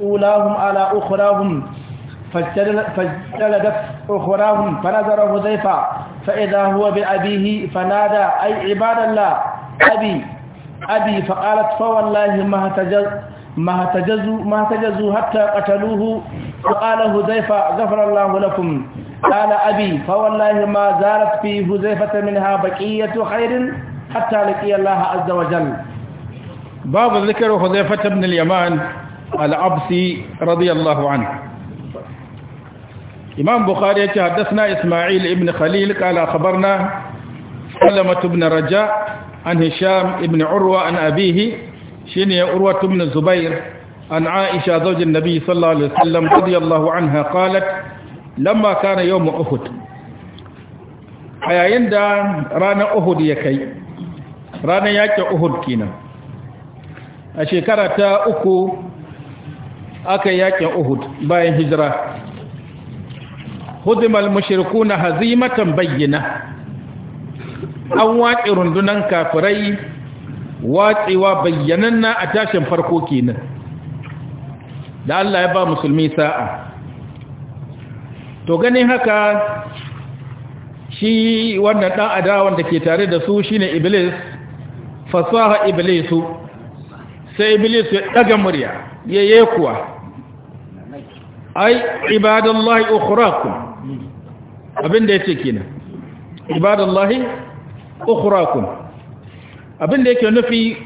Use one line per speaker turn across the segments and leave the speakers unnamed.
أولاهم على أخراهم فاجتلدت أخراهم فنظر حذيفة فإذا هو بأبيه فنادى أي عباد الله أبي أبي فقالت فوالله ما اهتجز ما اهتجزوا ما اهتجزوا حتى قتلوه فقال حذيفة غفر الله لكم قال أبي فوالله ما زالت في حذيفة منها بقية خير حتى لقي الله عز وجل باب ذكر حذيفة بن اليمان العبسي رضي الله عنه إمام بخاري حدثنا إسماعيل ابن خليل قال أخبرنا سلمة بن رجاء عن هشام ابن عروة عن أبيه شيني عروة بن الزبير عن عائشة زوج النبي صلى الله عليه وسلم رضي الله عنها قالت لما كان يوم أحد حيا يندا رانا أحد يكي رانا يأتي أحد كينا أشي shekara أكو aka yakin uhud bayan hijira hudimal mushrikuna hazimatan bayyana an waƙe rundunan kafirai watsewa bayyananna a tashin farko kenan da Allah ya ba musulmi sa'a to ganin haka shi wannan ɗan adawan da ke tare da su shine iblis fasaha iblisu sai iblis ya ɗaga murya yaye kuwa ai ibadallahi ukhrakum abinda yake kenan ibadallahi ukhrakum abinda yake nufi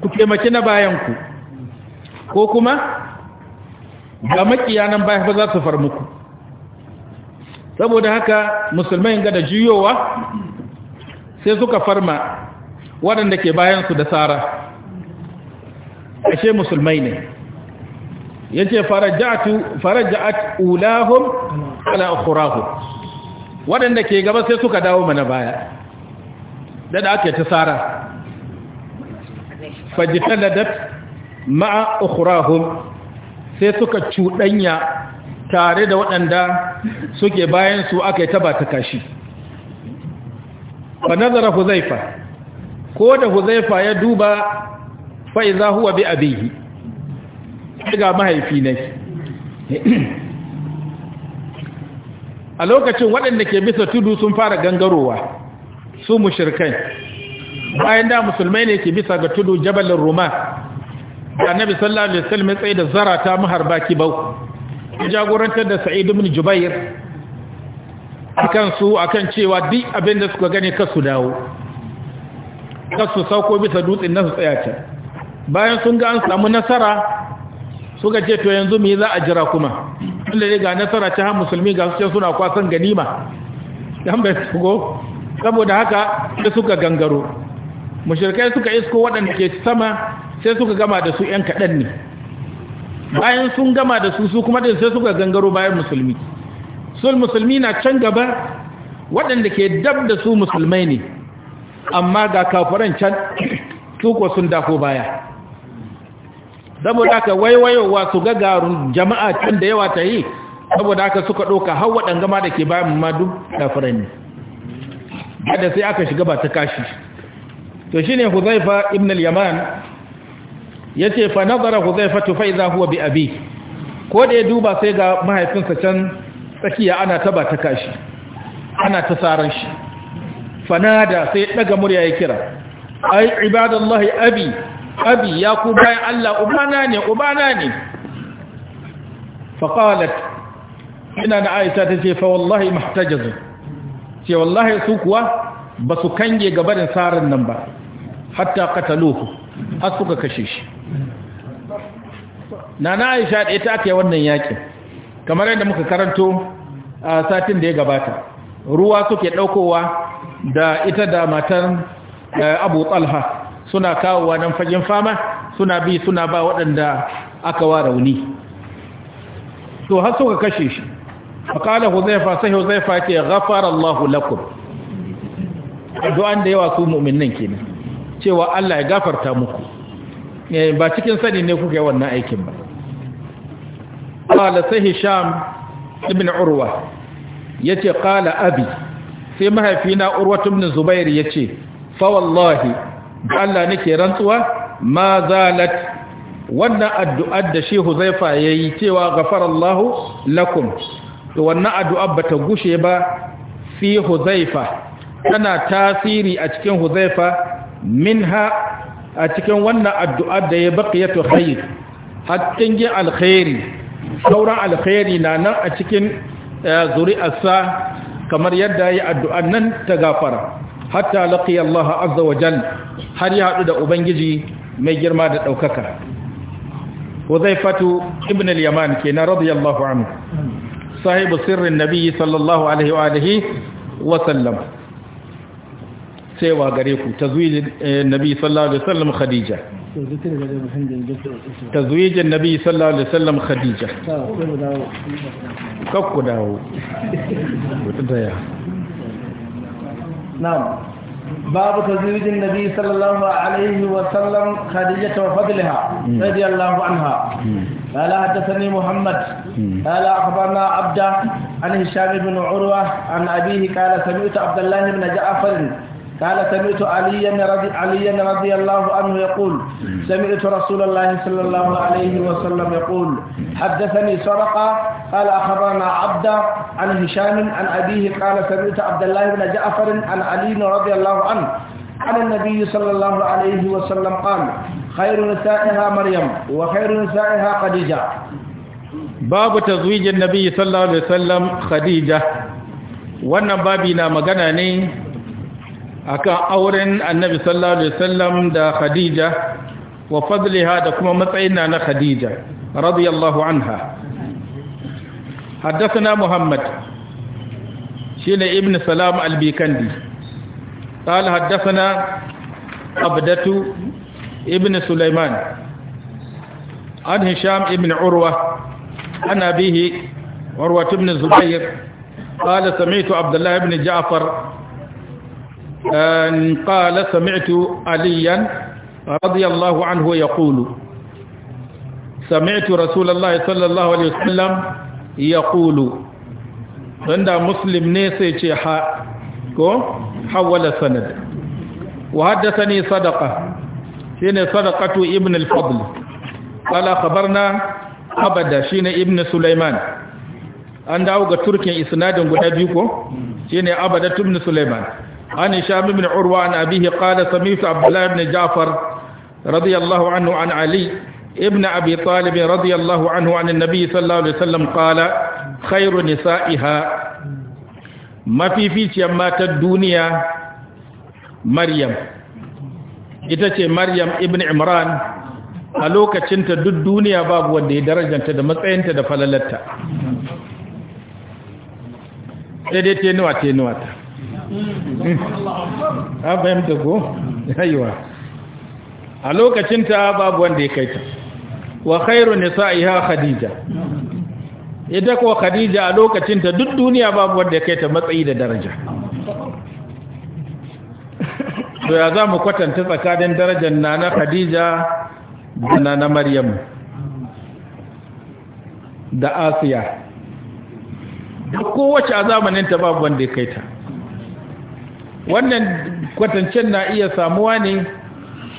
ku taimaki na bayanku ko kuma ga makiya nan baya ba za su far muku saboda haka musulmai ga da juyowa sai suka farma waɗanda ke bayansu da tsara ashe musulmai ne yace faraja'tu faraja'at ulahum ala ukhrahum wadanda ke gaba sai suka dawo mana baya da da ake sara fajtaladat ma'a ukhrahum sai suka cudanya tare da waɗanda suke bayan su aka yi taba ta kashi fa nazara huzaifa ko da huzaifa ya duba fa iza huwa bi abihi ga mahaifi ne a lokacin waɗanda ke bisa tudu sun fara gangarowa su mushirkai bayan da musulmai ne ke bisa ga tudu jabalin roma annabi sallallahu alaihi wasallam tsaye da zarata maharba kibau ya jagorantar da sa'id ibn jubair akan su akan cewa duk abin da suka gane kasu dawo kasu sauko bisa dutsen nasu su bayan sun ga an samu nasara suka ce to yanzu me za a jira kuma inda ne ga nasara ta musulmi ga su ce suna kwasan ganima dan bai sugo saboda haka sai suka gangaro mushrikai suka isko waɗanda ke sama sai suka gama da su yan kaɗan ne bayan sun gama da su su kuma din sai suka gangaro bayan musulmi Sun musulmi na can gaba waɗanda ke dab da su musulmai ne amma ga kafiran can su ko sun dako baya saboda haka waiwayowa su ga garun jama'a can da yawa ta yi saboda haka suka ɗauka har waɗanda gama da ke bayan madu da kafirai ne yadda sai aka shiga ba ta kashi to shi ne huzaifa ibn al-yaman ce fa nazara huzaifa tufa iza huwa bi abi ko da ya duba sai ga mahaifinsa can tsakiya ana ta ba ta kashi ana ta saran shi fanada sai ɗaga murya ya kira ai ibadallahi abi abi ya ku bayan Allah ubana ne ubana ne faqalat ina na Aisha ta ce fa wallahi mahtajazu ce wallahi su kuwa ba su kange gabarin sarin nan ba hatta qataluhu har suka kashe shi nana Aisha da ita ake wannan yakin kamar yadda muka karanto a satin da ya gabata ruwa suke daukowa da ita da matan eh, Abu Talha suna kawowa nan fagen fama suna bi suna ba waɗanda aka wa rauni to har suka kashe shi faƙala huzaifa sai huzaifa ce ghafara Allahu lakum addu'an da yawa su ke kenan cewa Allah ya gafarta muku eh, ba cikin sani ne kuka yi wannan aikin ba qala sai hisham ibn urwa yace qala abi sai mahaifina urwa ibn zubair ya fa wallahi da Allah nake rantsuwa ma zalat wannan addu'ar da Shehu Zaifa yayi cewa ghafarallahu lakum to wannan addu'ar bata gushe ba fi Huzaifa tana tasiri a cikin Huzaifa minha a cikin wannan addu'a da ya baqiyatu khair hatta ji alkhairi saura alkhairi na nan a cikin eh, zuri'arsa kamar yadda ya addu'ar nan ta gafara hatta laqiya Allah azza wa jal har ya hadu da ubangiji mai girma da daukaka Huzaifatu ibn al-Yaman kenan radiyallahu anhu sahibu sirrin Nabiyyi sallallahu alaihi wa alihi wa sallam sai wa gare ku tazwijin eh, nabi sallallahu alaihi wa sallam khadija tazwijin nabi sallallahu alaihi wa sallam khadija kakku dawo نعم باب تزويج النبي صلى الله عليه وسلم خديجة وفضلها رضي الله عنها قال حدثني محمد قال أخبرنا عبده عن هشام بن عروة عن أبيه قال سمعت عبد الله بن جعفر قال سمعت عليا رضي, عليا رضي الله عنه يقول سمعت رسول الله صلى الله عليه وسلم يقول حدثني سرقة قال أخبرنا عبد عن هشام عن أبيه قال سمعت عبد الله بن جعفر عن علي رضي الله عنه عن النبي صلى الله عليه وسلم قال خير نسائها مريم وخير نسائها خديجة باب تزويج النبي صلى الله عليه وسلم خديجة wannan babi na magana ne akan auren annabi sallallahu alaihi wasallam da khadija wa fadliha da kuma matsayina na khadija radiyallahu anha haddathana muhammad shine ibn salam al-bikandi qala haddathana abdatu ibn sulaiman an hisham ibn urwa an abihi urwa ibn zubair قال سمعت عبد الله بن جعفر قال سمعت عليا رضي الله عنه يقول سمعت رسول الله صلى الله عليه وسلم يقول عند مسلم نيسي حول السند وحدثني صدقة شين صدقة ابن الفضل قال خبرنا أبدا شين ابن سليمان عند أوغا تركيا إسناد قد أبيكو شين أبدا ابن سليمان عن هشام بن عروة عن أبيه قال سمعت عبد الله بن جعفر رضي الله عنه عن علي ابن أبي طالب رضي الله عنه عن النبي صلى الله عليه وسلم قال خير نسائها ما في فيش مات الدنيا مريم إتتي مريم ابن عمران a lokacinta duk duniya babu wanda ya darajanta da matsayinta da falalarta sai dai tenuwa tenuwa ta
a
fahimta ko haiwa a lokacinta babu wanda ya kaita wa khairu nisa'iha khadija ita ko khadija a lokacinta duk duniya babu wanda ya kaita matsayi da daraja to ya za mu kwatanta tsakanin darajar nana khadija da nana maryam da asiya da kowace a zamaninta babu wanda ya kaita wannan kwatancen na iya samuwa ne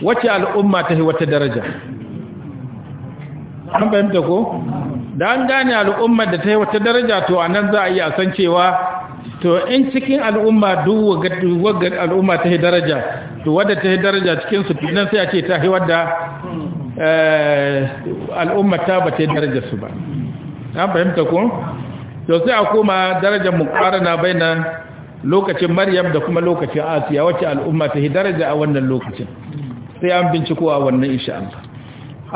wace al'umma ta yi wata daraja an fahimta ko da an gane al'ummar da ta yi wata daraja to a nan za a iya san cewa to in cikin al'umma duk wagar al'umma ta yi daraja to wadda ta yi daraja cikin su nan sai a ce ta yi wadda eh, al'umma ta ba ta yi daraja su ba an fahimta ko to sai a koma darajar mukarana bai na lokacin maryam da kuma lokacin asiya wacce al'umma ta yi daraja a wannan lokacin sai an binciko a wannan isha Allah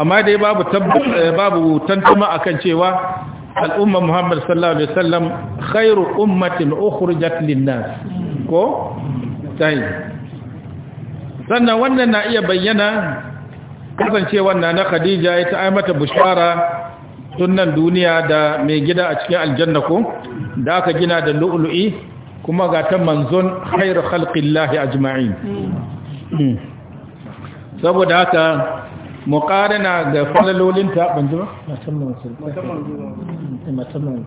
amma dai babu eh, babu a akan cewa al'umma Muhammad sallallahu alaihi wasallam khairu ummatin ukhrijat lin-nas ko sai sannan wannan na iya bayyana kasancewar na na Khadija ita ai mata bushara tun duniya da mai gida a cikin aljanna ko da aka gina da lu'lu'i kuma ga ta manzon khairu a jima'in. Hmm. saboda haka muqarana ga falalolinta banzu ba musamman musamman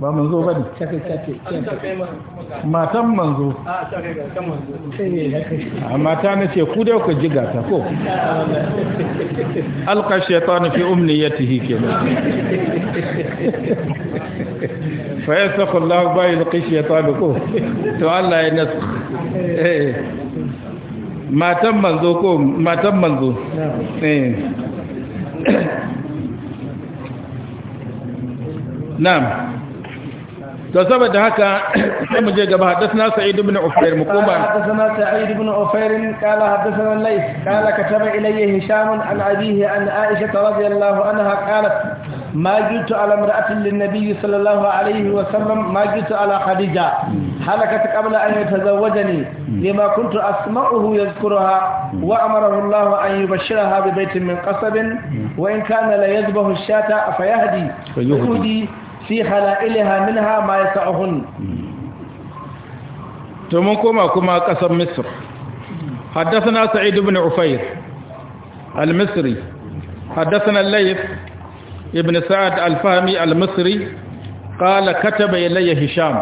ba manzo ba ne take take matan manzo
ah, eh, a mata na ce ku dai ku jiga ta ko alqa shaytanu fi
فينسخ الله باي القشية طالقه تعالى ينسخ إيه. ما تم منذوكم ما تم منذو إيه. نعم تصاب دهكا ثم جاء حدثنا سعيد بن عفير مقوما حدثنا سعيد بن عفير قال حدثنا الليث قال كتب الي هشام عن ابيه عن عائشه رضي الله عنها قالت ما جئت على امرأة للنبي صلى الله عليه وسلم ما جئت على خديجة هلكت قبل أن يتزوجني لما كنت أسمعه يذكرها وأمره الله أن يبشرها ببيت من قصب وإن كان ليذبه الشاة فيهدي يهدي في خلائلها منها ما يسعهن ثم كما كما قسم مصر حدثنا سعيد بن عفير المصري حدثنا الليث ibn sa'ad al-fahmi al-misri qala kataba ilayya hisham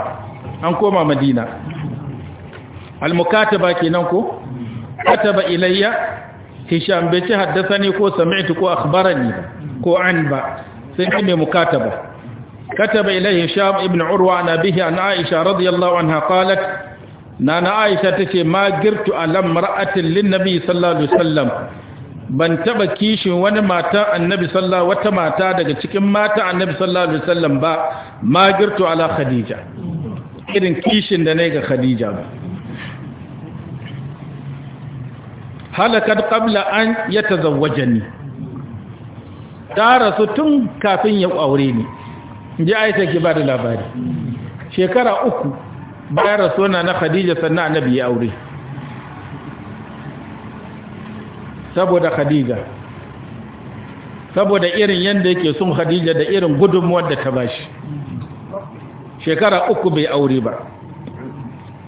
an koma madina al-mukataba kenan ko kataba ilayya hisham bai ce haddasani ko sami'tu ko akhbarani ko an ba sai ne mukataba كتب إليه هشام ابن عروة عن أبيه عن عائشة رضي الله عنها قالت نانا عائشة تشي ما جرت على امرأة للنبي صلى الله عليه ban taba kishin wani mata annabi sallallahu wata mata daga cikin mata annabi sallallahu alaihi wasallam ba magirtu ala khadija
irin kishin
da nayi ga khadija ba halakat qabla an yatazawwajani ta rasu tun kafin ya aure ni ji aisha ki ba da labari shekara uku bayan rasuwa na khadija sannan annabi ya aure saboda khadija saboda irin yadda yake son khadija da irin gudunmuwar da ta bashi shekara uku bai aure ba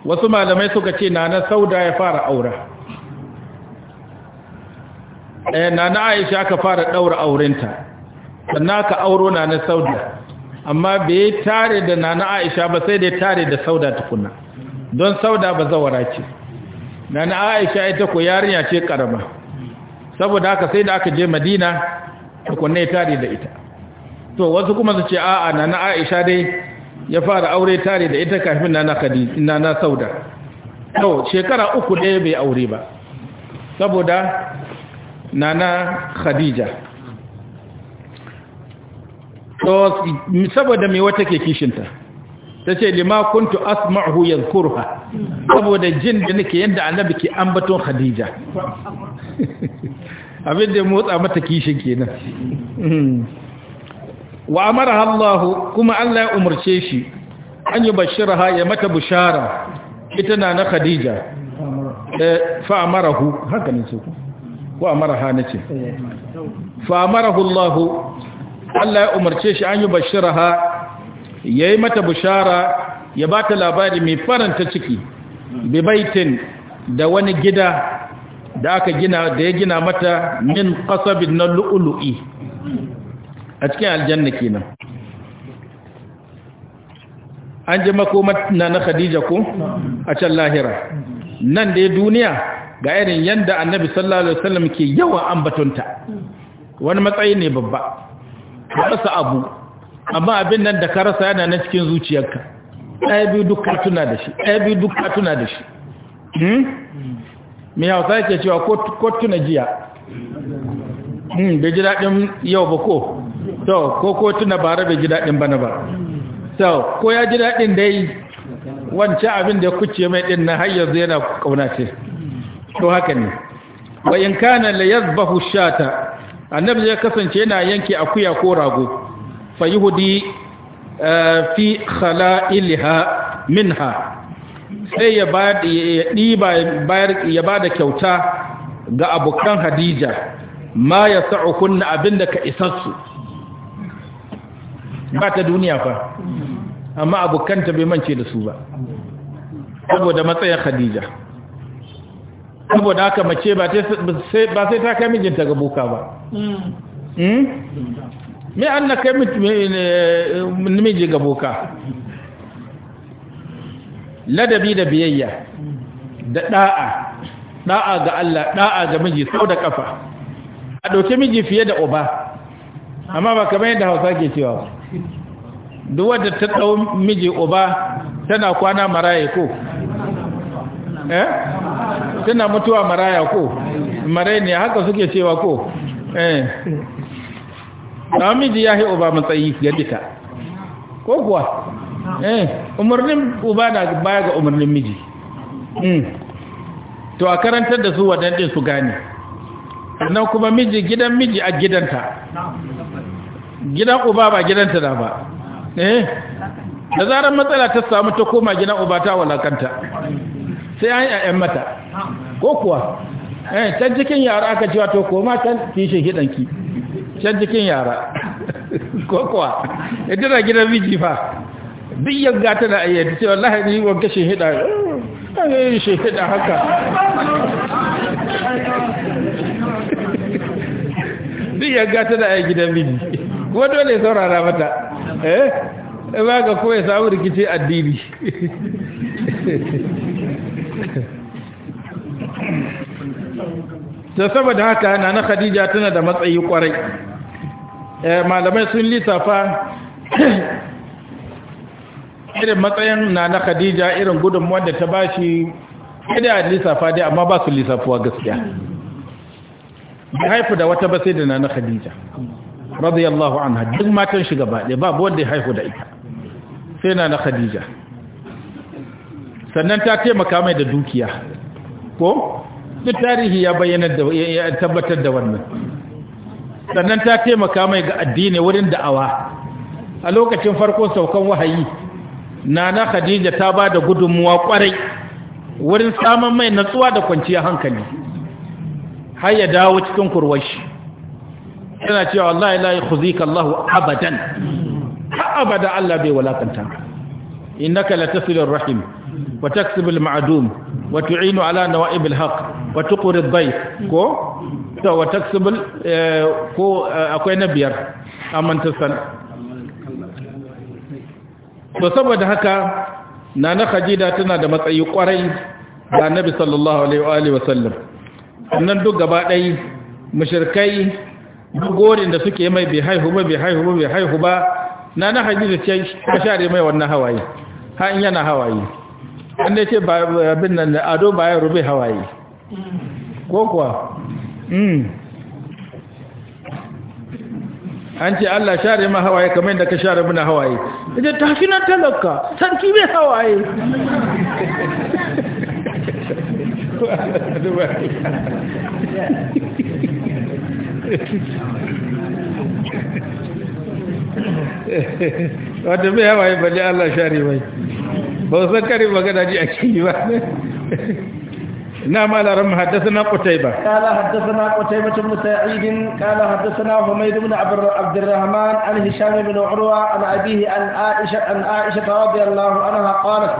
wasu malamai suka ce nana sauda ya fara aura eh nana aisha ka fara daura aurenta sannan ka auro nana sauda amma bai tare da nana aisha ba sai dai tare da sauda tukuna don sauda ba zawara ce nana aisha ita ko yarinya ce karama saboda haka sai da aka je madina tukunne tare da ita to wasu kuma su ce a'a na na aisha dai ya fara aure tare da ita kafin na khadija nana sauda to shekara uku ɗaya bai aure ba saboda na khadija to saboda me wata ke kishinta ta ce lima kuntu asma'uhu yadhkuruha saboda jin da nake yadda annabi ke ambaton khadija abin da motsa mata kishin kenan wa amara Allah kuma Allah ya umarce shi an yi bashiraha ya mata bushara ita na na khadija eh, fa amarahu haka ne ce ko amaraha na ce fa amarahu Allah Allah ya umarce shi an yi bashiraha Yayi mata bushara ya ba ta labari mai faranta ciki bibaitin da wani gida da aka gina da ya gina mata min kasabin na lu'ulu'i a cikin aljanna kenan an ji makomar na na khadija ko a can lahira nan da duniya ga irin yadda annabi sallallahu alaihi wasallam ke yawan ambatonta wani matsayi ne babba ba abu amma abin nan da ka rasa yana na cikin zuciyarka ɗaya biyu duk ka tuna da shi ɗaya biyu duk ka tuna da shi mai hmm? hausa yake cewa ko tuna jiya hmm, bai ji daɗin yau ba ko to ko ko tuna bara bai ji daɗin bana ba ko ya ji daɗin dai wancan abin da ya kuce mai ɗin na har yanzu yana ƙaunace to haka ne wa in kana la yazbahu shata annabi ya kasance yana yanke akuya ko rago fayuhudi fi khala'ilha minha sai ya ba ya ba da kyauta ga abokan hadija ma ya sa'ukunna abinda ka isassu ba ta duniya fa amma ta bai mance da su ba saboda matsayin hadija saboda haka mace ba sai ta kai mijinta ga boka ba me an na kai namiji ga boka ladabi da biyayya da da'a da'a ga Allah da'a ga miji sau da kafa a ɗauki miji fiye da uba amma ba kamar yadda hausa ke cewa duk wadda ta ɗau miji uba tana kwana maraya ko eh tana mutuwa maraya ko maraya ne haka suke cewa ko eh namiji ya yi uba matsayi ga duka ko kuwa eh umarnin uba na baya ga umarnin miji hmm. to a karantar da su waɗanda su gane sannan kuma miji gidan miji a gidanta gidan uba ba gidanta da ba eh da zarar matsala ta samu ta koma gidan uba ta walakanta sai an yayan mata ko kuwa eh can cikin yara aka cewa to koma can kishin hidanki can cikin yara ko kuwa idan na gidan miji fa duk yanga tana ayyata ce wallahi ni wa shi hida eh, ayyai shi hida haka duk yanga tana ayyata gidan miji kuma dole ya saurara mata eh ba ga ko ya samu rikici addini ta saboda haka na na khadija tana da matsayi kwarai Eh, malamai sun lissafa irin matsayin na na khadija irin gudun da ta bashi da lissafa dai amma ba su lissafuwa gaskiya haifu da wata ba sai da na na khadija radiyallahu anha duk matan shi gaba ɗaya babu wanda ya haifu da ita sai na na khadija sannan ta taimaka mai da dukiya ko duk tarihi ya bayyana da ya tabbatar da wannan sannan ta taimaka mai ga addini wurin da'awa a lokacin farkon saukan wahayi nana khadija ta ba da gudunmuwa kwarai wurin samun mai natsuwa da kwanciya hankali har ya dawo cikin kurwashi tana cewa wallahi la yakhzika Allahu abadan ha abada Allah bai walakanta innaka latasilur rahim wa taksibul ma'dum wa tu'inu ala nawa'ibil haqq wa tuqri ad-dayf ko to wa taksibul eh, ko eh, akwai na biyar amman tasan to saboda haka nana khadija tana da matsayi kwarai da nabi sallallahu alaihi wa sallam nan duk gaba ɗai mushirkai gorin da suke mai bai haihu ba bai haihu ba bai haihu ba na na ce ta share mai wannan hawaye ha in yana hawaye an da ce abin nan ado ba ya rube hawaye ko kuwa Mm. an ce Allah share ma hawaye kamar yadda ka share muna hawaye ita tafi na talaka sarki mai hawaye wadda mai hawaye ne Allah share mai ba wasan kare magana ji a ciki ba نعم على رم حدثنا قتيبة قال حدثنا قتيبة بن سعيد قال حدثنا حميد بن عبد الرحمن عن هشام بن عروة عن أبيه عن عائشة عن عائشة رضي الله عنها قالت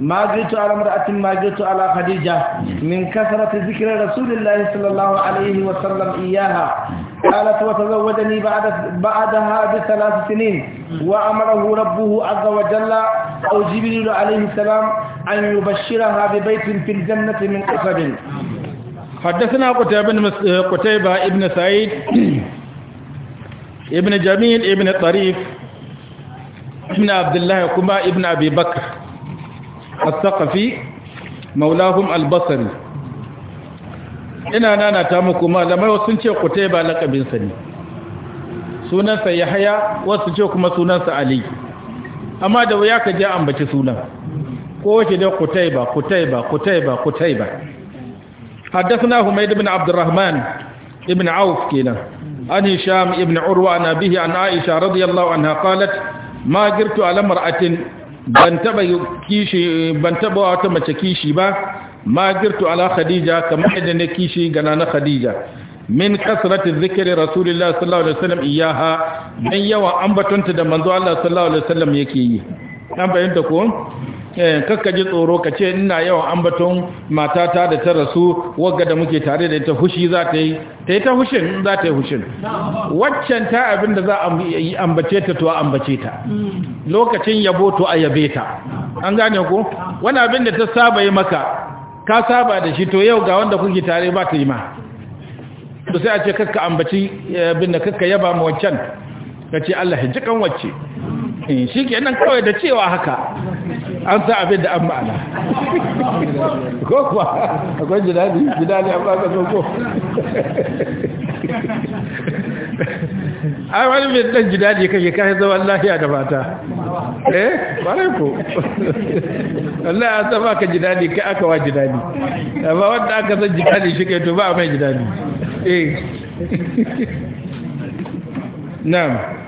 ما جئت على امرأة ما جئت على خديجة من كثرة ذكر رسول الله صلى الله عليه وسلم إياها قالت وتزوجني بعد بعدها بثلاث سنين وأمره ربه عز وجل أو جبريل عليه السلام أن يبشرها ببيت في الجنة من قصب حدثنا قتيبة ابن سعيد ابن جميل ابن طريف ابن عبد الله كما ابن أبي بكر الثقفي مولاهم البصري ina ta muku malamai wasu sun ce kutaiba lakabinsa ne sunansa haya, wasu ce kuma sunansa ali amma da wuya ka je ambaci sunan ko shi da kutaiba kutaiba kutaiba kutaiba حدثنا حميد بن عبد الرحمن ابن عوف كينا عن هشام ابن An عن أبيه عن عائشة رضي الله عنها قالت ما جرت على امرأة ban taba kishi ban taba wata mace kishi ba ma girtu ala khadija kamar yadda na kishi gana na khadija min kasrati zikri rasulillah sallallahu alaihi wasallam iyaha dan yawa ambatonta da manzo Allah sallallahu alaihi wasallam yake yi an bayyana ko Eh, kakka ji tsoro ka ce ina yawan ambaton matata da ta rasu wagga da muke tare da ita hushi za ta yi ta yi ta hushin za ta yi hushin waccan ta abin da za a ambace ta to ambace ta lokacin yabo to a yabe ta an gane ku wani abin da ta saba yi maka ka saba da shi to yau ga wanda kuke tare ba ta yi ma to sai a ce kakka ambaci eh, abin da kakka yaba ma waccan ka ce Allah ya wacce eh, shi kenan kawai da cewa haka an sa abin da an ma'ana ko kuwa akwai jidali jidali an ba ko a wani mai dan kan yi kai zaman lafiya da mata eh bare ko Allah ya zama ka jidali k'a aka wa jidali amma wanda aka san jidali shi kai to ba mai jidali eh na'am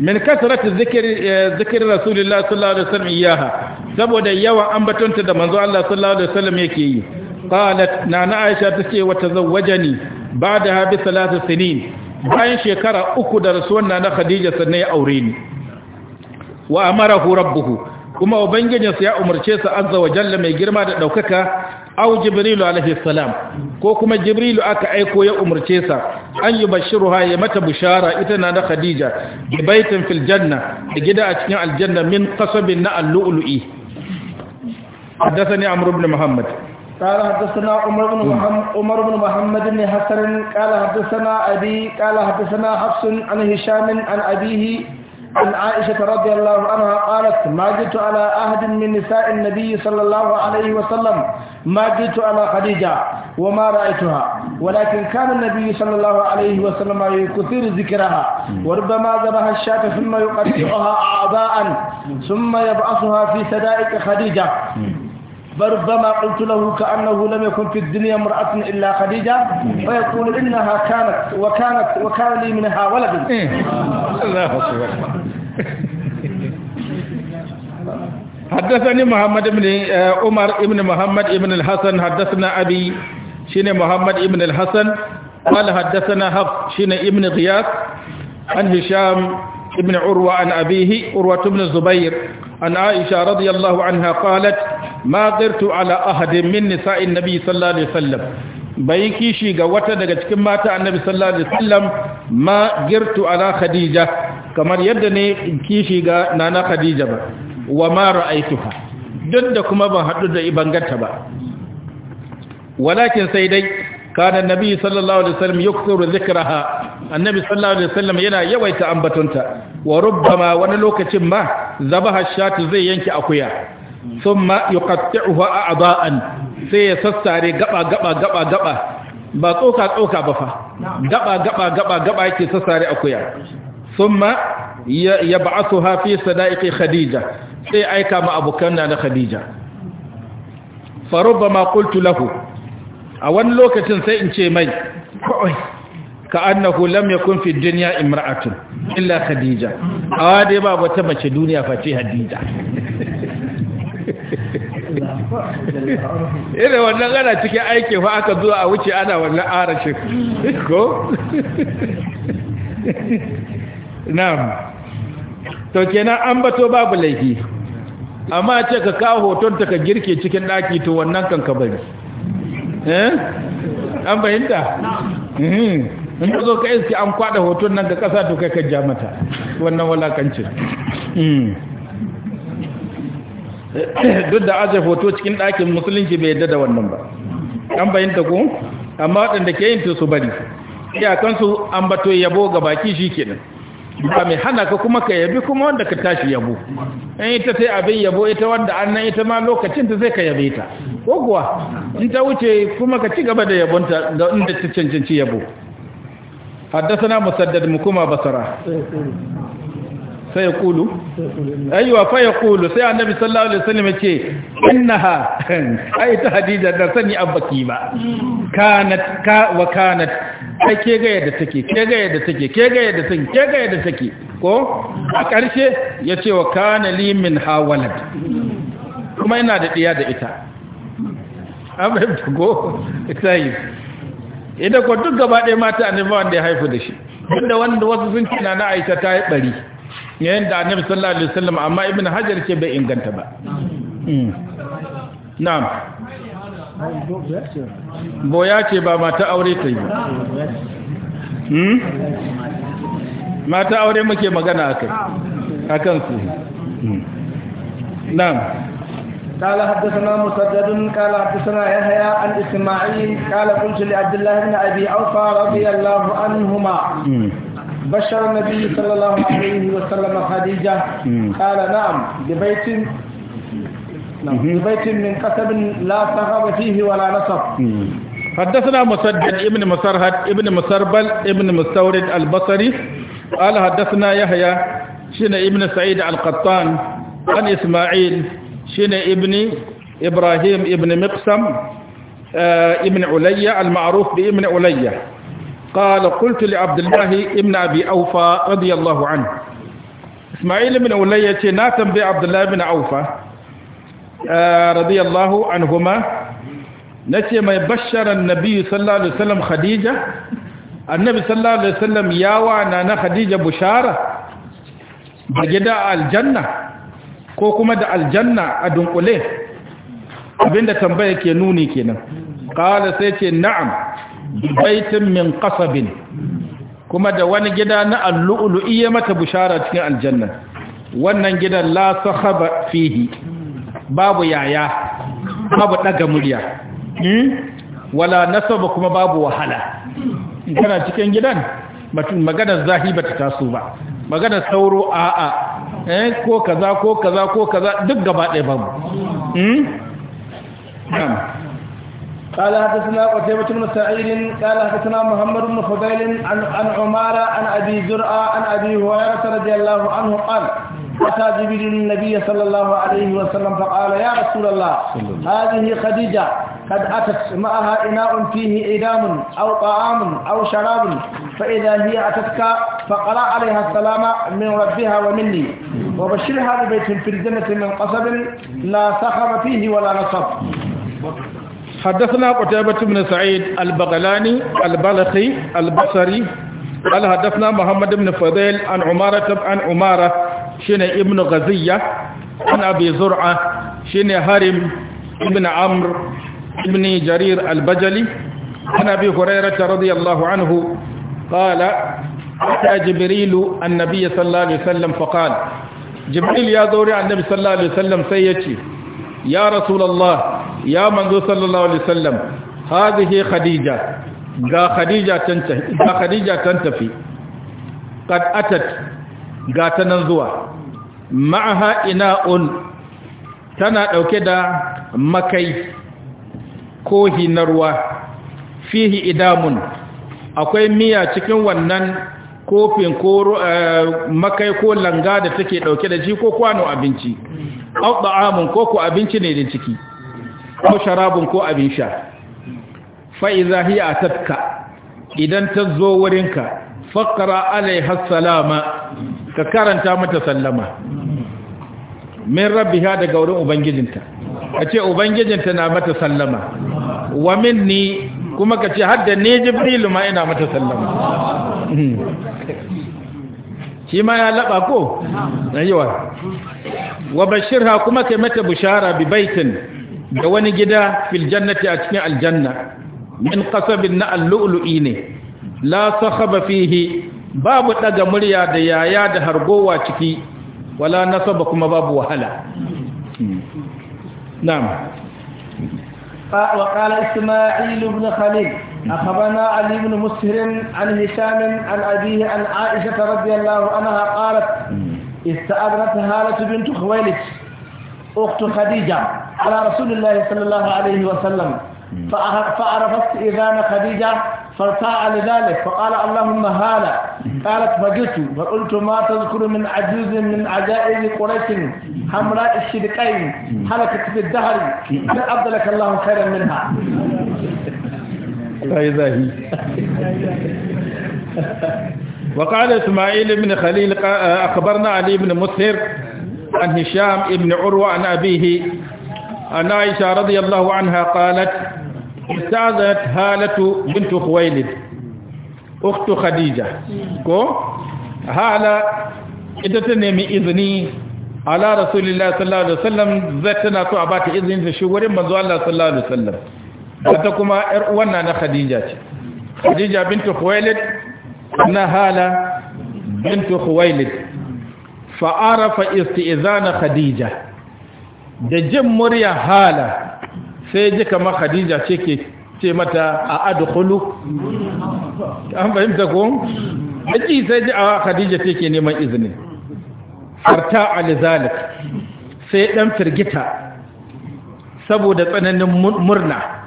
min kasratu zikr eh, rasulillahi sallallahu alaihi wasallam iyaha saboda yawan ambatonta da manzo Allah sallallahu alaihi wasallam yake yi qalat nana aisha tace wa tazawwajani ba'daha bi thalath sinin bayan shekara uku da rasuwan nana khadija sannan ya aure ni wa amarahu rabbuhu kuma ubangijinsa ya umarce sa azza wa jalla mai girma da daukaka aw jibril alaihi salam ko kuma jibrilu aka aiko ya umarce sa an yi bashiruha ya mata bishara ita na da khadija bi baitin fil janna da gida a cikin aljanna min qasabin na al-lu'lu'i حدثني عمرو بن محمد قال حدثنا عمر بن محمد عمر بن محمد بن حسن قال حدثنا ابي قال حدثنا حفص عن هشام عن ابيه عن عائشة رضي الله عنها قالت ما جئت على أحد من نساء النبي صلى الله عليه وسلم ما جئت على خديجة وما رأيتها ولكن كان النبي صلى الله عليه وسلم يكثر ذكرها وربما ذبح الشاة ثم يقطعها أعضاء ثم يبعثها في سدائك خديجة فربما قلت له كأنه لم يكن في الدنيا امرأة إلا خديجة فيقول إنها كانت وكانت وكان لي منها ولد الله أكبر حدثني محمد بن عمر ابن محمد ابن الحسن حدثنا أبي شين محمد ابن الحسن قال حدثنا حفص شين ابن غياث عن هشام ابن عروة عن أبيه عروة بن الزبير عن عائشة رضي الله عنها قالت ما غرت على أحد من نساء النبي صلى الله عليه وسلم bai kishi ga wata daga cikin mata annabi sallallahu alaihi wasallam ma girtu ala khadija kamar yadda ne kishi ga nana khadija ba wa ma ra'aituha duk da kuma ban haɗu da ibanganta ba walakin sai dai kana nabi sallallahu alaihi wasallam yukthiru dhikraha annabi sallallahu alaihi wasallam yana yawaita ambatunta. wa rubbama wani lokacin ma zabaha shatu zai yanki akuya thumma yuqatti'uha a'da'an sai ya sassare gaba gaba gaba ba tsoka tsoka ba fa gaba gaba gaba gaba yake sassare akuya thumma yab'athuha fi sada'iqi khadija sai aika ma abokan na khadija farubba ma qultu lahu a wani lokacin sai in ce mai ka annahu lam yakun fi dunya imra'atun illa khadija awa dai ba wata mace duniya face hadija
irin wannan ana cikin aiki fa aka zuwa a wuce ana wannan arashin ko?
na'am to kenan an bato babu laifi amma ce ka kawo hoton ta ka girke cikin ɗaki to wannan kan ka bari eh an fahimta eh. in ka zo ka iske an kwada hoton nan ga ƙasa to kai ka ja mata wannan walakancin hmm.
duk da aje hoto
cikin ɗakin musulunci bai yadda da wannan ba an bayyanta ko amma waɗanda ke yin su bari iyakansu an bato yabo ga baki shi kenan ba mai hana ka kuma ka yabi kuma wanda ka tashi yabo in ita sai abin yabo ita wanda an nan ita ma lokacin ta sai ka yabe ta ko kuwa in ta wuce kuma ka ci gaba da yabonta da inda ta cancanci yabo na haddasa musaddad mu kuma basara. sai ya kulu aiwa fa ya kulu sai annabi sallallahu alaihi wasallam yace innaha ai ta hadija da sani baki ba kanat ka wa kanat kai ke ga yadda take ke ga yadda take ke ga yadda take ke ga yadda take ko a ƙarshe yace wa kana li min hawalad kuma ina da diya da ita amma ba go ita yi ko duk gaba ɗaya mata annabi wanda ya haifu da shi wanda wanda wasu sun ce na na Aisha ta yi bari yayin da annabi sallallahu alaihi wasallam amma ibn hajar ce bai inganta ba hmm.
na'am boya ce ba mata aure ta yi hmm? mata aure muke magana akai akan su
hmm. na'am قال حدثنا مسدد قال حدثنا يحيى عن اسماعيل قال قلت لعبد الله بن ابي اوفى رضي الله عنهما بشر النبي صلى الله عليه وسلم خديجة قال نعم ببيت نعم ببيت من قصب لا صخب فيه ولا نصب حدثنا مسدد ابن مسرهد ابن مسربل ابن مستورد البصري قال حدثنا يحيى شين ابن سعيد القطان عن إسماعيل شين ابن إبراهيم ابن مقسم آه، ابن عليا المعروف بابن عليا قال قلت لعبد الله ابن أبي أوفى رضي الله عنه إسماعيل بن أولية ناتم بعبد الله بن أوفى آه رضي الله عنهما نتي ما بشر النبي صلى الله عليه وسلم خديجة النبي صلى الله عليه وسلم ياوى نانا خديجة بشارة بجدا الجنة كوكما دا الجنة أدنقليه abinda tambaya ke nuni kenan qala sai ce na'am baitin min qasabin kuma da wani gida na allu'lu'i iya mata bushara cikin aljanna wannan gidan la sahaba fihi babu yaya babu daga murya hmm? wala nasaba kuma babu wahala kana cikin gidan maganar zahi ta taso ba maganar sauro a'a eh ko kaza ko kaza ko kaza duk gaba ɗaya babu hmm? قال حدثنا قتيبة بن سعيد قال حدثنا محمد بن فضيل عن عن عمارة عن أبي زرعة عن أبي هريرة رضي الله عنه قال أتى جبريل النبي صلى الله عليه وسلم فقال يا رسول الله هذه خديجة قد أتت معها إناء فيه إدام أو طعام أو شراب فإذا هي أتتك فقرأ عليها السلام من ربها ومني وبشرها ببيت في الجنة من قصب لا سخر فيه ولا نصب حدثنا قتيبة بن سعيد البغلاني البلخي البصري قال حدثنا محمد بن فضيل عن عمارة عن عمارة شين ابن غزية عن أبي زرعة شين هرم ابن عمرو ابن جرير البجلي عن أبي هريرة رضي الله عنه قال أتى جبريل النبي صلى الله عليه وسلم فقال جبريل يا دوري النبي صلى الله عليه وسلم سيتي ya rasulullah ya manzo sallallahu alaihi wasallam hadhihi khadija khadija ga khadija tan tafi qad atat ga ta nan zuwa ma'aha ina'un tana ɗauke da makai ko hinarwa fihi idamun akwai miya cikin wannan kofin ko eh, makai ko langa da take dauke da ji ko kwano abinci au da'amun ko ko abinci ne da ciki ko sharabun ko abin sha fa iza hiya atatka idan ta zo wurinka faqra alaiha salama ka karanta mata sallama min rabbiha daga wurin ubangijinta kace ubangijinta na mata sallama wa minni kuma kace hadda ne jibrilu ma ina mata sallama shi ma ya laɓa ko Na yiwa. wa bashirha kuma kai mata bishara bi baitin da wani gida fil jannati a cikin aljanna min kasabin na allu'ulu'i ne la ba fihi babu ɗaga murya da yaya da hargowa ciki wala nasaba kuma babu wahala hmm. na'am وقال Isma'il بن خليل أخبرنا علي بن مسهر عن هشام عن أبيه عن عائشة رضي الله عنها قالت استأذنت هالة بنت خويلد أخت خديجة على رسول الله صلى الله عليه وسلم فعرفت إذان خديجة فارتاع لذلك فقال اللهم هالة قالت فجئت فقلت ما تذكر من عجوز من عجائز قريش حمراء الشدقين هلكت في الدهر أن أبدلك الله خيرا منها sai zahi وقال اسماعيل بن خليل أخبرنا علي بن مسهر عن هشام بن عروة عن أبيه عن عائشة رضي الله عنها قالت استاذت هالة بنت خويلد أخت خديجة كو هالة إدتني من إذني على رسول الله صلى الله عليه وسلم ذاتنا تعبات إذن في شغل من الله صلى الله عليه وسلم wata kuma yar uwanna na khadija ce khadija bintu khuwailid na hala bintu khuwailid fa arafa istizana khadija da jin murya hala sai ji kamar khadija ce ke ce mata a adkhulu
an fahimta ko haji sai ji a khadija ce ke neman
izini farta alizalik sai dan firgita saboda tsananin murna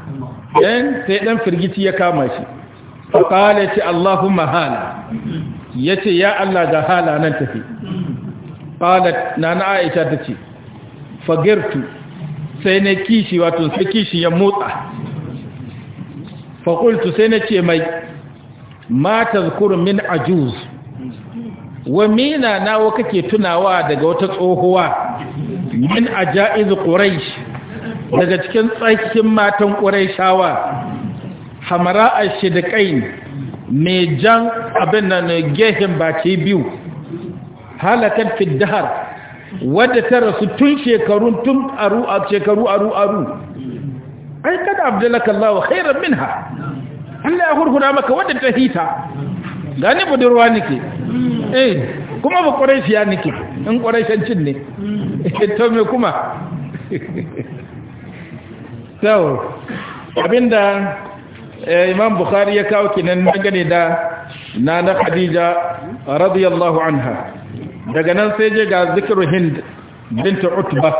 ɗan sai ɗan firgici ya kama shi faƙala ce Allahumma hala ya ce ya Allah ga hala nan tafi ƙalat na na aisha ta ce fagirtu sai na kishi wato sai kishi ya motsa faƙultu sai na ce mai matar kurmin ajuz wa mina nawa kake tunawa daga wata tsohuwa min ajaiz quraish daga cikin tsakin matan shawa hamara a shidiƙain mai jan abin da na gehen baki biyu halakar fiddahar wadda ta rasu tun shekaru tun aru a shekaru aru aru ai kada abdullakallawa khairan minha Allah ya hurhuna maka wadda ta hita gani budurwa nake eh kuma ba ya nake in ƙwarashancin ne
to me kuma
so abinda eh, imam bukhari ya kawo kinan dangane da nana khadija radiyallahu anha daga nan sai je ga hind binta utba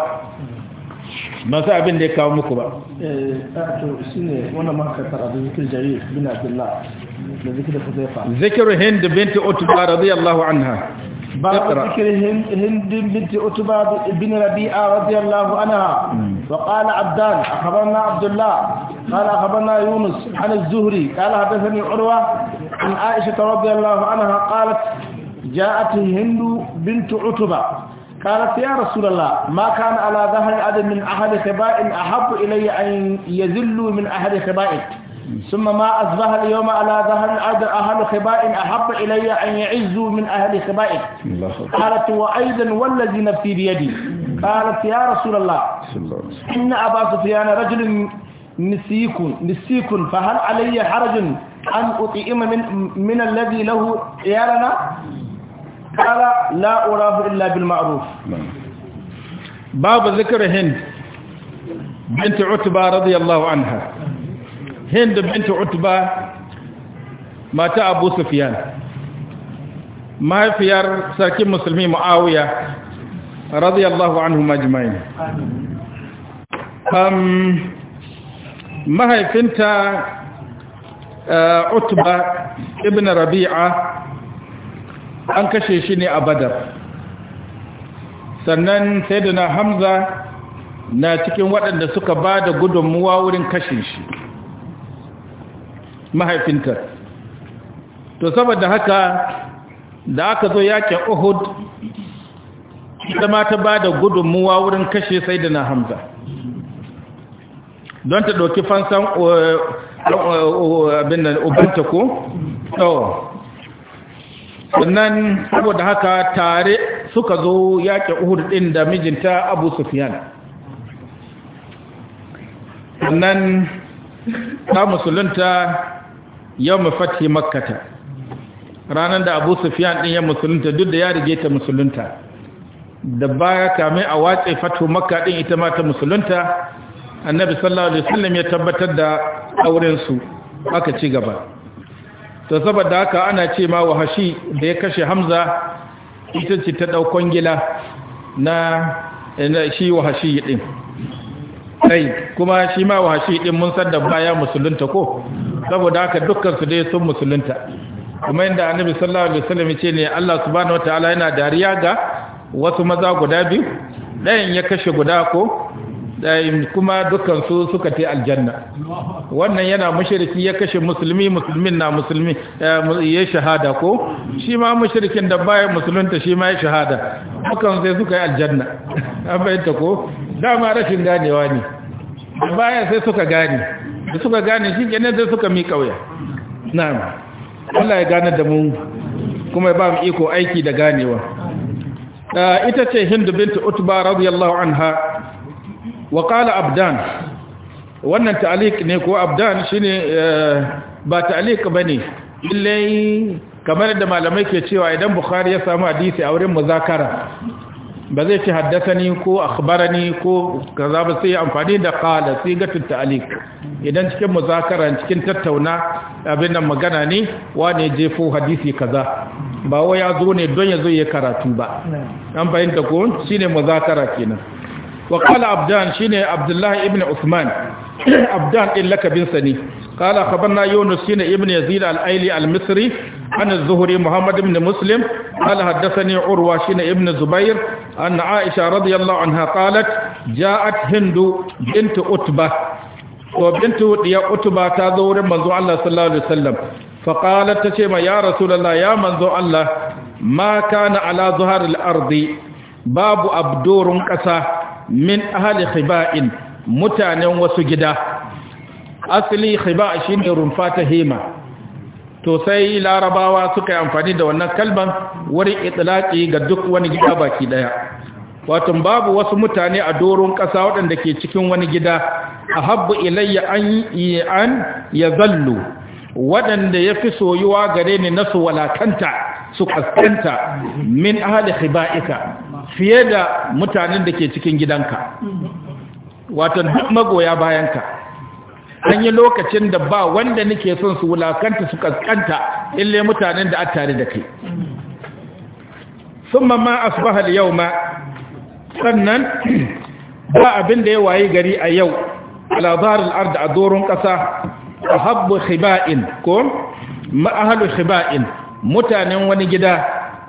masu abin da ya kawo muku ba eh, ah, hind binta utba radiyallahu anha باب ذكر هند, هند بنت عتبة بن ربيعة رضي الله عنها وقال عبدان أخبرنا عبد الله قال أخبرنا يونس عن الزهري قال حدثني عروة عن عائشة رضي الله عنها قالت جاءت هند بنت عتبة قالت يا رسول الله ما كان على ظهر أحد من أحد خبائن أحب إلي أن يذلوا من أحد خبائن ثم ما أصبح اليوم على ظهر الأرض أهل خباء أحب إلي أن يعزوا من أهل خباء قالت وأيضا والذي نفسي بيدي قالت يا رسول الله إن أبا سفيان رجل نسيك نسيك فهل علي حرج أن أطئم من, من الذي له عيالنا قال لا أراه إلا بالمعروف نعم. باب ذكر هند بنت عتبة رضي الله عنها Hindu Binta utba mata abu sufyan mahaifiyar sarkin musulmi muawiya radiyallahu anhu majma'in um, mahaifinta uh, utba ibn rabi'a an kashe shi ne a badar sannan sai hamza na cikin waɗanda suka ba da gudunmuwa wurin kashe shi mahaifinta to saboda haka da aka zo yakin uhud da mata ta ba da gudunmuwa wurin kashe sai na hamza don ta ɗauki fansan uh, uh, abin da ubanta ko? sannan saboda haka tare suka zo yaƙi uhud ɗin da mijinta abu sufyan sannan ta musulunta yawon fatih makkata ranar da abu sufiyan ɗin ya musulunta duk da ya rige ta musulunta da baya kame a watsa fatu makka ɗin ita ma ta musulunta annabi sallallahu alaihi wasallam ya tabbatar da aurensu aka ci gaba to saboda haka ana ce ma wahashi da ya kashe hamza ita ce ta ɗaukon gila na shi wahashi ɗin kai kuma shi ma wahashi ɗin mun san da baya musulunta ko saboda haka dukkan su dai sun musulunta kuma inda annabi sallallahu alaihi wasallam ya ce ne Allah subhanahu wataala yana dariya ga wasu maza guda biyu ɗayan ya kashe guda ko kuma dukkan su suka ta aljanna wannan yana mushriki ya kashe musulmi musulmin na musulmi eh, ya shahada ko shi ma mushrikin da baya musulunta shi ma ya shahada dukkan sai suka yi aljanna an bayyanta ko dama rashin ganewa ne baya sai suka gane da suka gane shi ne zai suka mi kauya na'am Allah ya gane da mu kuma ya ba mu iko aiki da ganewa ah, ita ce Hindu bint Utba radiyallahu anha wa qala abdan wannan ta'liq ne ko abdan shine eh, ba ta'liq bane illai kamar da malamai ke cewa idan Bukhari ya samu hadisi a wurin muzakara ba zai haddasa ni ko ni ko kaza ba sai amfani da qala sai ga ta'liq idan cikin muzakara cikin tattauna abin nan magana ne wane jefo hadisi kaza ba wai ya zo ne don ya zo ya karatu ba an fahimta ko shine muzakara kenan wa qala abdan shine abdullahi ibn usman abdan din lakabin sani قال خبرنا يونس بن ابن يزيد الايلي المصري عن الزهري محمد بن مسلم قال حدثني عروة شين ابن الزبير أن عائشة رضي الله عنها قالت جاءت هند بنت أتبة وبنت يا أتبة تزور منذ الله صلى الله عليه وسلم فقالت تشيما يا رسول الله يا منذ الله ما كان على ظهر الأرض باب أبدور كسا من أهل خباء متان وسجدا asali khiba ne rumfa ta hema to sai larabawa suka yi amfani da wannan kalban wurin itilaki ga duk wani gida baki daya wato babu wasu mutane a doron ƙasa waɗanda ke cikin wani gida a habbu ilayya an an ya zallu waɗanda ya fi soyuwa gare ni na walakanta su kaskanta min ahali khiba'ika fiye da mutanen da ke cikin gidanka wato duk magoya bayanka an yi lokacin da ba wanda nake son su wulakanta su kaskanta ille mutanen da attare da kai sun mamma asbahal yau ma sannan ba abin da ya waye gari a yau alazarar arda a doron ƙasa a habbu Hiba'in ko ma'ahalu khiba'in mutanen wani gida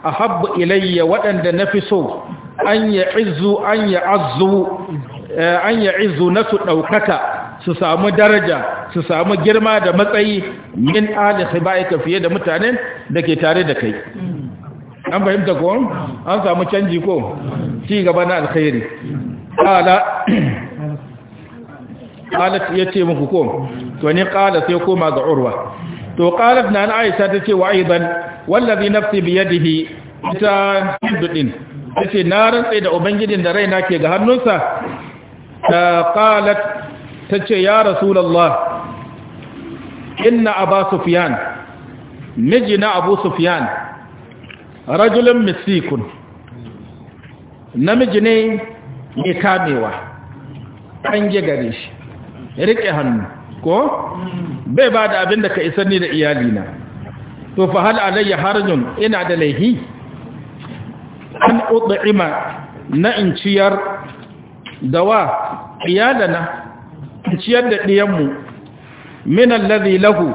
a habbu ilayya waɗanda na fi so an ya izu an azu eh, na su ɗaukaka su samu daraja su samu girma da matsayi min ahli khibaika fiye da mutanen da ke tare da kai an fahimta ko an samu canji ko ci gaba na alkhairi ala qalat yace muku ko to ni qala sai koma ga urwa to qalat na aisha tace wa aidan wallazi nafsi bi yadihi ita hindudin tace na rantsa da ubangijin da raina ke ga hannunsa ta qalat tace ya rasulallah inna aba sufyan mijina abu sufyan rajulun misikun namiji ne mai kamewa an gare shi riƙe hannu ko bai ba da abin da ka isar ni da iyalina to fa hal alayya harjun ina da laihi an ud'ima na inciyar dawa iyalana ciyar da ɗiyanmu minan lazi lahu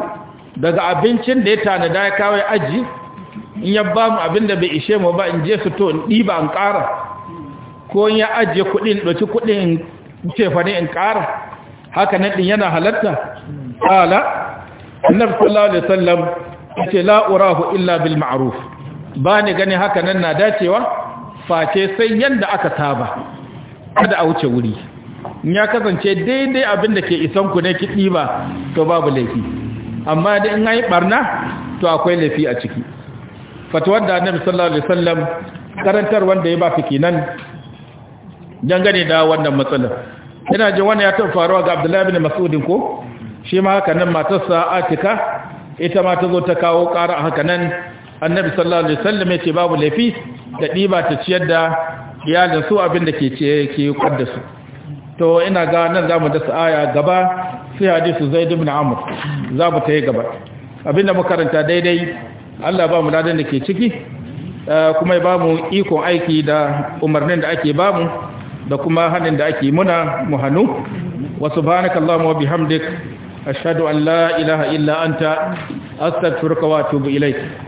daga abincin da ya tanada ya kawai aji in ya ba mu abin da bai ishe mu ba in je su to in ɗiba in ƙara ko in ya ajiye kuɗi in ɗauki kuɗi in cefane in ƙara haka na ɗin yana halatta ƙala annabi sallallahu alaihi wasallam ce la urahu illa bil ma'ruf ba ni gani haka nan na dacewa face sai yanda aka saba kada a wuce wuri in ya kasance daidai abin da ke isan ku ne kiɗi ba to babu laifi amma da in yi barna to akwai laifi a ciki fatuwar da annabi sallallahu alaihi wasallam karantar wanda ya ba fiki nan dangane da wannan matsalar ina ji wani ya ta faruwa ga abdullahi bin mas'udin ko shi ma haka nan matarsa atika ita ma ta zo ta kawo ƙara a haka nan annabi sallallahu alaihi wasallam ya ce babu laifi da ɗiba ta ciyar da iyalin su abin da ke ce ke kwadda su to ina ga nan za mu dasa aya gaba fi hadisu zaid ibn amr za mu ta gaba abinda mu karanta daidai Allah ba mu ladan da ke ciki eh, kuma ya ba mu iko aiki da umarnin da ake ba mu da kuma hannun da ake muna mu hannu wa subhanakallahumma wa bihamdik ashhadu an la ilaha illa anta astaghfiruka wa atubu ilaik